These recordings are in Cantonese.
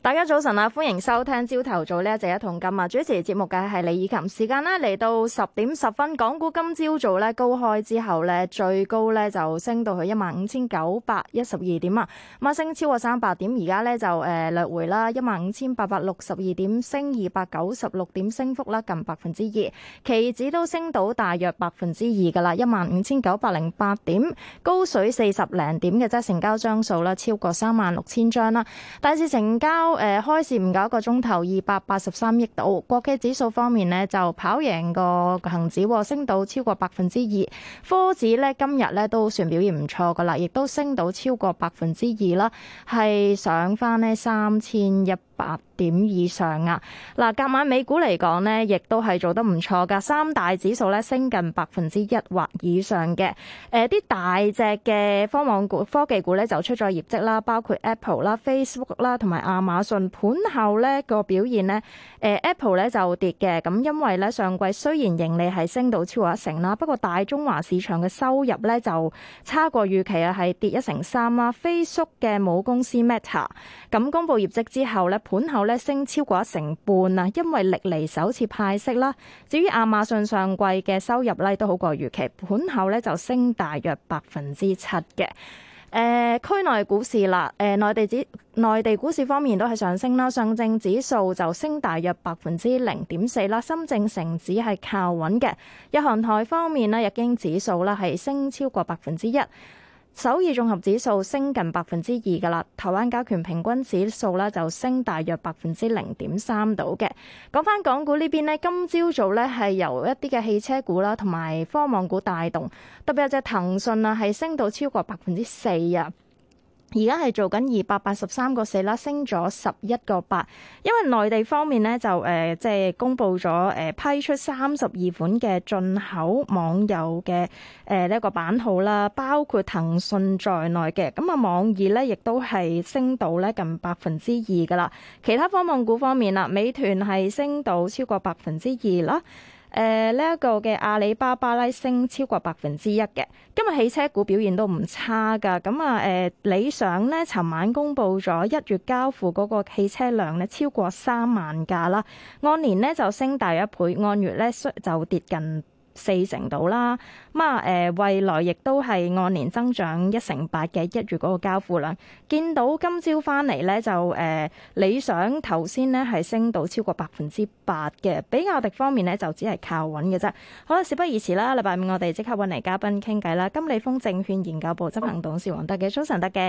大家早晨啊！歡迎收聽朝頭早呢一節一桶金啊！主持節目嘅係李以琴。時間呢嚟到十點十分，港股今朝早呢高開之後呢，最高呢就升到去一萬五千九百一十二點啊！咁啊，升超過三百點，而家呢就誒略回啦，一萬五千八百六十二點升，升二百九十六點，升幅啦近百分之二，期指都升到大約百分之二噶啦，一萬五千九百零八點，高水四十零點嘅啫，即成交張數啦超過三萬六千張啦，大市成交。誒，開市唔夠一個鐘頭，二百八十三億。到國企指數方面呢就跑贏個恒指，升到超過百分之二。科指呢，今日呢都算表現唔錯噶啦，亦都升到超過百分之二啦，係上翻呢三千一百。點以上啊！嗱，隔晚美股嚟講咧，亦都係做得唔錯㗎。三大指數咧升近百分之一或以上嘅。誒、呃、啲大隻嘅科網股，科技股咧就出咗業績啦，包括 Apple 啦、Facebook 啦同埋亞馬遜盤後咧個表現咧，誒、呃、Apple 咧就跌嘅，咁因為咧上季雖然盈利係升到超過一成啦，不過大中華市場嘅收入咧就差過預期啊，係跌一成三啦。Facebook 嘅母公司 Meta 咁公布業績之後咧，盤後，升超過一成半啊，因為歷來首次派息啦。至於亞馬遜上季嘅收入咧都好過預期，盤後咧就升大約百分之七嘅。誒、呃，區內股市啦，誒、呃、內地指內地股市方面都係上升啦，上證指數就升大約百分之零點四啦，深證成指係靠穩嘅。日韓台方面咧，日經指數咧係升超過百分之一。首爾綜合指數升近百分之二噶啦，台灣加權平均指數呢就升大約百分之零點三到嘅。講翻港股呢邊呢，今朝早呢係由一啲嘅汽車股啦同埋科網股帶動，特別有隻騰訊啊，係升到超過百分之四啊。而家係做緊二百八十三個四啦，升咗十一個八。因為內地方面呢，就、呃、誒，即係公布咗誒、呃、批出三十二款嘅進口網遊嘅誒呢個版號啦，包括騰訊在內嘅。咁啊，網易呢亦都係升到呢近百分之二噶啦。其他科網股方面啦，美團係升到超過百分之二啦。誒，呢一、呃這個嘅阿里巴巴升超過百分之一嘅，今日汽車股表現都唔差噶。咁啊，誒、呃，理想咧，尋晚公布咗一月交付嗰個汽車量呢，超過三萬架啦，按年呢就升大一倍，按月咧就跌近四成度啦，咁、嗯、啊，未來亦都係按年增長一成八嘅一月嗰個交付量。見到今朝翻嚟咧，就、嗯、誒理想頭先咧係升到超過百分之八嘅，比亞迪方面咧就只係靠穩嘅啫。好啦，事不宜遲啦，禮拜五我哋即刻揾嚟嘉賓傾偈啦。金利豐證券研究部執行董事黃德幾，早晨，德幾，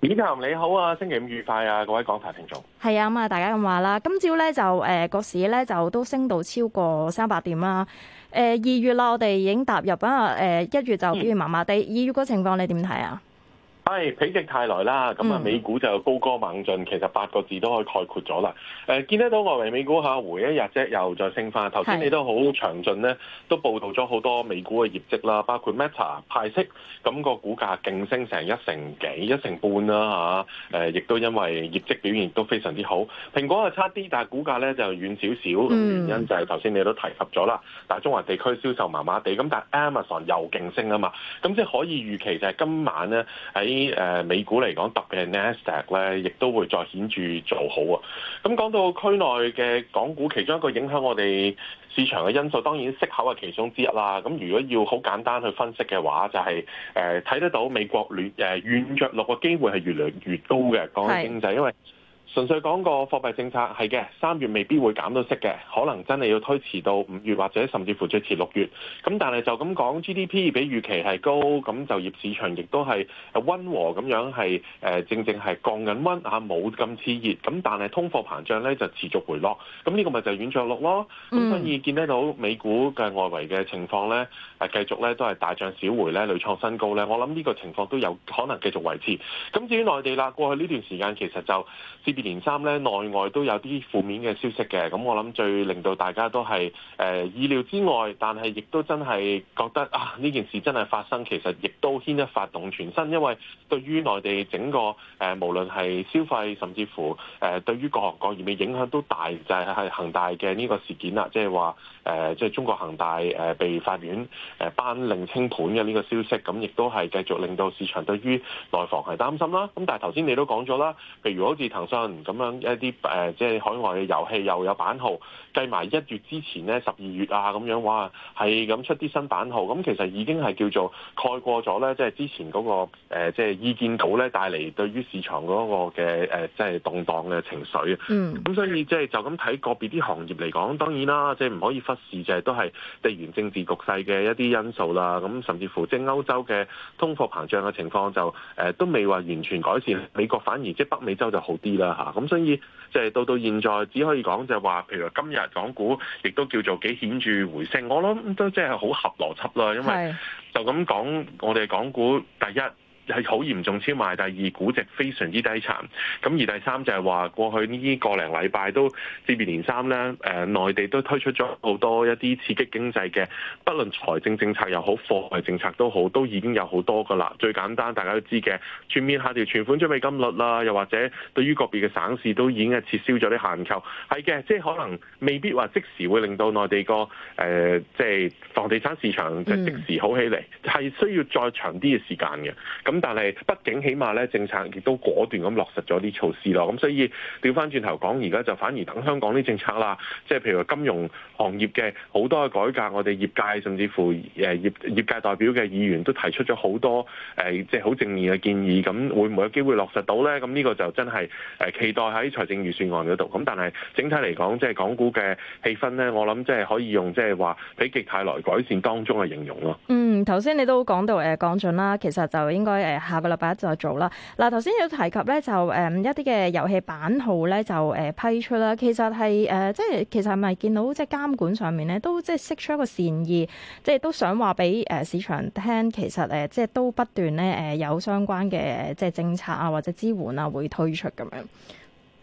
李監你好啊，星期五愉快啊，各位廣大聽眾係啊，咁啊，大家咁話啦，今朝咧就誒個、嗯、市咧就都升到超過三百點啦。誒二月啦，我哋已經踏入啦。誒一月就表現麻麻地，二月個情況你點睇啊？係，否極泰來啦，咁啊美股就高歌猛進，嗯、其實八個字都可以概括咗啦。誒、呃，見得到外圍美股嚇回一日啫，又再升翻。頭先你都好詳盡咧，都報導咗好多美股嘅業績啦，包括 Meta 派息，咁個股價勁升成一成幾、一成半啦、啊、亦、啊呃、都因為業績表現都非常之好。蘋果就差啲，但係股價咧就軟少少，原因就係頭先你都提及咗啦。但係中華地區銷售麻麻地，咁但係 Amazon 又勁升啊嘛，咁即係可以預期就係今晚咧喺。啲誒美股嚟講，特別係 Nasdaq 咧，亦都會再顯著做好喎。咁講到區內嘅港股，其中一個影響我哋市場嘅因素，當然息口係其中之一啦。咁如果要好簡單去分析嘅話，就係誒睇得到美國暖誒軟著陸嘅機會係越嚟越高嘅，嗯、講緊經濟，的因為。純粹講個貨幣政策係嘅，三月未必會減到息嘅，可能真係要推遲到五月或者甚至乎最遲六月。咁但係就咁講，GDP 比預期係高，咁就業市場亦都係誒溫和咁樣係誒，正正係降緊溫嚇，冇咁熾熱。咁但係通貨膨脹咧就持續回落。咁呢個咪就係軟着陸咯。咁、嗯、所以見得到美股嘅外圍嘅情況咧，係繼續咧都係大漲小回咧，屢創新高咧。我諗呢個情況都有可能繼續維持。咁至於內地啦，過去呢段時間其實就二連三咧，內外都有啲負面嘅消息嘅，咁我諗最令到大家都係、呃、意料之外，但係亦都真係覺得啊，呢件事真係發生，其實亦都牽一發動全身，因為對於內地整個誒、呃、無論係消費，甚至乎誒、呃、對於各行各業嘅影響都大，就係、係、恒大嘅呢個事件啦，即係話。誒，即係中國恒大被法院誒頒令清盤嘅呢個消息，咁亦都係繼續令到市場對於內房係擔心啦。咁但係頭先你都講咗啦，譬如好似騰訊咁樣一啲誒，即係海外嘅遊戲又有版號，計埋一月之前咧，十二月啊咁樣，哇，係咁出啲新版號，咁其實已經係叫做蓋過咗咧，即係之前嗰個即係意見稿咧帶嚟對於市場嗰個嘅即係動盪嘅情緒。嗯。咁所以即係就咁睇個別啲行業嚟講，當然啦，即係唔可以分。事就係都係地緣政治局勢嘅一啲因素啦，咁甚至乎即係歐洲嘅通貨膨脹嘅情況就誒、呃、都未話完全改善，美國反而即係、就是、北美洲就好啲啦嚇，咁所以即係到到現在只可以講就係話，譬如今日港股亦都叫做幾顯著回升，我諗都即係好合邏輯啦，因為就咁講，是的 我哋港股第一，係好嚴重，超賣；第二，估值非常之低殘。咁而第三就係話，過去呢啲個零禮拜都接二連三咧，誒、呃，內地都推出咗好多一啲刺激經濟嘅，不論財政政策又好，貨幣政策都好，都已經有好多㗎啦。最簡單大家都知嘅，全面下調存款準備金率啦，又或者對於個別嘅省市都已經係撤銷咗啲限購。係嘅，即係可能未必話即時會令到內地個誒、呃，即係房地產市場即時好起嚟，係、嗯、需要再長啲嘅時間嘅。咁但係，畢竟起碼咧，政策亦都果斷咁落實咗啲措施咯。咁所以，調翻轉頭講，而家就反而等香港啲政策啦，即係譬如金融行業嘅好多嘅改革，我哋業界甚至乎誒、呃、業業界代表嘅議員都提出咗好多誒，即係好正面嘅建議。咁會唔會有機會落實到咧？咁呢這個就真係誒期待喺財政預算案嗰度。咁但係整體嚟講，即係港股嘅氣氛咧，我諗即係可以用即係話否極泰來改善當中嘅形容咯。嗯，頭先你都到、呃、講到誒講盡啦，其實就應該。誒下個禮拜一就做啦。嗱，頭先有提及咧，就誒一啲嘅遊戲版號咧，就誒批出啦。其實係誒，即係其實係咪見到即係監管上面咧，都即係釋出一個善意，即係都想話俾誒市場聽，其實誒即係都不斷咧誒有相關嘅即係政策啊或者支援啊會推出咁樣。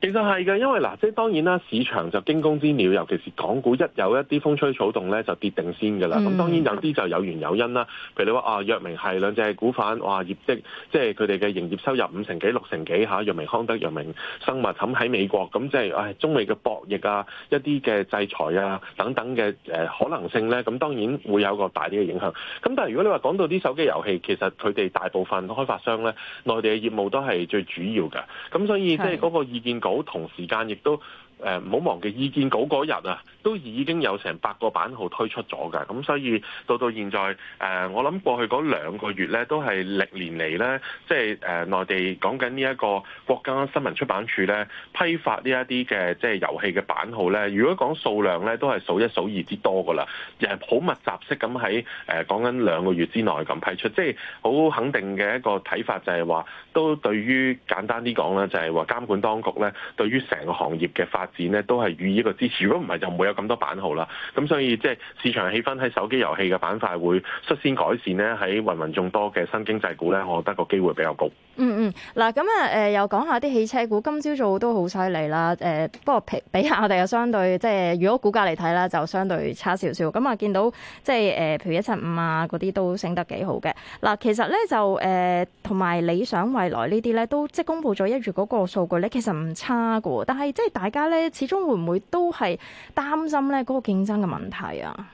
其實係嘅，因為嗱，即係當然啦，市場就驚弓之鳥，尤其是港股一有一啲風吹草動咧，就跌定先㗎啦。咁、嗯、當然有啲就有緣有因啦。譬如你話啊，藥明係兩隻股份，哇業績即係佢哋嘅營業收入五成幾六成幾嚇，藥、啊、明康德、藥明生物咁喺美國，咁即係唉中美嘅博弈啊，一啲嘅制裁啊等等嘅誒、呃、可能性咧，咁當然會有個大啲嘅影響。咁但係如果你話講到啲手機遊戲，其實佢哋大部分開發商咧內地嘅業務都係最主要㗎，咁所以即係嗰個意見。到同時間亦都誒唔好忘記意見稿嗰日啊，都已經有成百個版號推出咗㗎，咁所以到到現在誒、呃，我諗過去嗰兩個月咧，都係歷年嚟咧，即係誒內地講緊呢一個國家新聞出版處咧，批發呢一啲嘅即係遊戲嘅版號咧，如果講數量咧，都係數一數二之多㗎啦，又係好密集式咁喺誒講緊兩個月之內咁批出，即係好肯定嘅一個睇法就係話，都對於簡單啲講啦，就係、係、話監管當局咧，對於成個行業嘅發發展咧，都係予以一個支持，如果唔係就唔會有咁多板號啦。咁所以即係市場氣氛喺手機遊戲嘅板塊會率先改善呢，喺芸芸眾多嘅新經濟股咧，我覺得個機會比較高。嗯嗯，嗱咁啊，誒，又講下啲汽車股，今朝早都好犀利啦。誒、呃、不過比比下我哋又相對，即係如果股價嚟睇啦，就相對差少少。咁啊，見到即係誒、呃、譬如一七五啊，嗰啲都升得幾好嘅。嗱，其實咧就誒同埋理想未來這些呢啲咧都即係公布咗一月嗰個數據咧，其實唔差嘅。但係即係大家咧。始終會唔會都係擔心咧嗰個競爭嘅問題啊？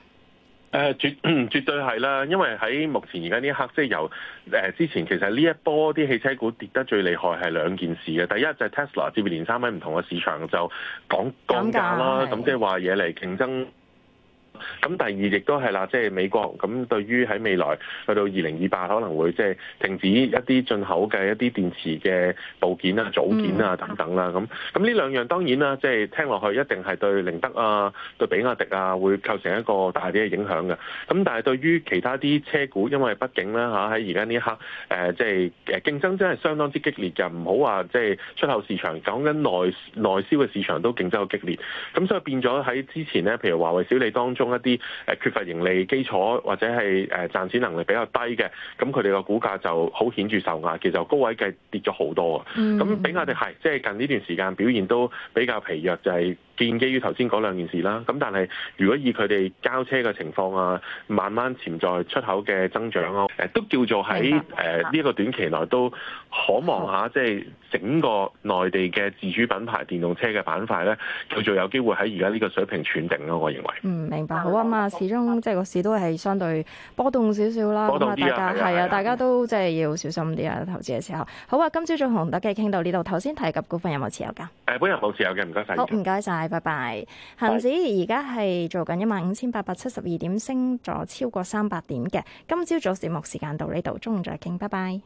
誒、呃，絕絕對係啦，因為喺目前而家呢一刻，即、就、係、是、由誒、呃、之前，其實呢一波啲汽車股跌得最厲害係兩件事嘅，第一就係 Tesla 接二連三喺唔同嘅市場就降降價啦，咁即係話嘢嚟競爭。咁第二亦都係啦，即係美國咁對於喺未來去到二零二八可能會即係停止一啲進口嘅一啲電池嘅部件啊、組件啊等等啦。咁咁呢兩樣當然啦，即係聽落去一定係對寧德啊、對比亞迪啊會構成一個大啲嘅影響嘅。咁但係對於其他啲車股，因為畢竟啦，吓喺而家呢一刻誒，即係誒競爭真係相當之激烈嘅，唔好話即係出口市場，講緊內內銷嘅市場都競爭好激烈。咁所以變咗喺之前咧，譬如華為、小李當中。中一啲誒缺乏盈利基礎，或者係誒賺錢能力比較低嘅，咁佢哋嘅股價就好顯著受壓。其實高位計跌咗好多啊，咁、嗯、比亞迪係即係近呢段時間表現都比較疲弱，就係、是。奠基於頭先嗰兩件事啦，咁但係如果以佢哋交車嘅情況啊，慢慢潛在出口嘅增長咯，誒都叫做喺誒呢一個短期內都可望一下，即係整個內地嘅自主品牌電動車嘅板塊咧，叫做有機會喺而家呢個水平轉定咯。我認為。嗯，明白。好啊嘛，始終即係個市都係相對波動少少啦。波動啲啊。係家啊，啊啊大家都即係要小心啲啊，投資嘅時候。好啊，今朝早同德幾傾到呢度。頭先提及股份有冇持有㗎？誒，本人冇持有嘅，唔該晒。好，唔該曬。拜拜，恒指而家係做緊一萬五千八百七十二點升，升咗超過三百點嘅。今朝早節目時間到呢度，中午再傾，拜拜。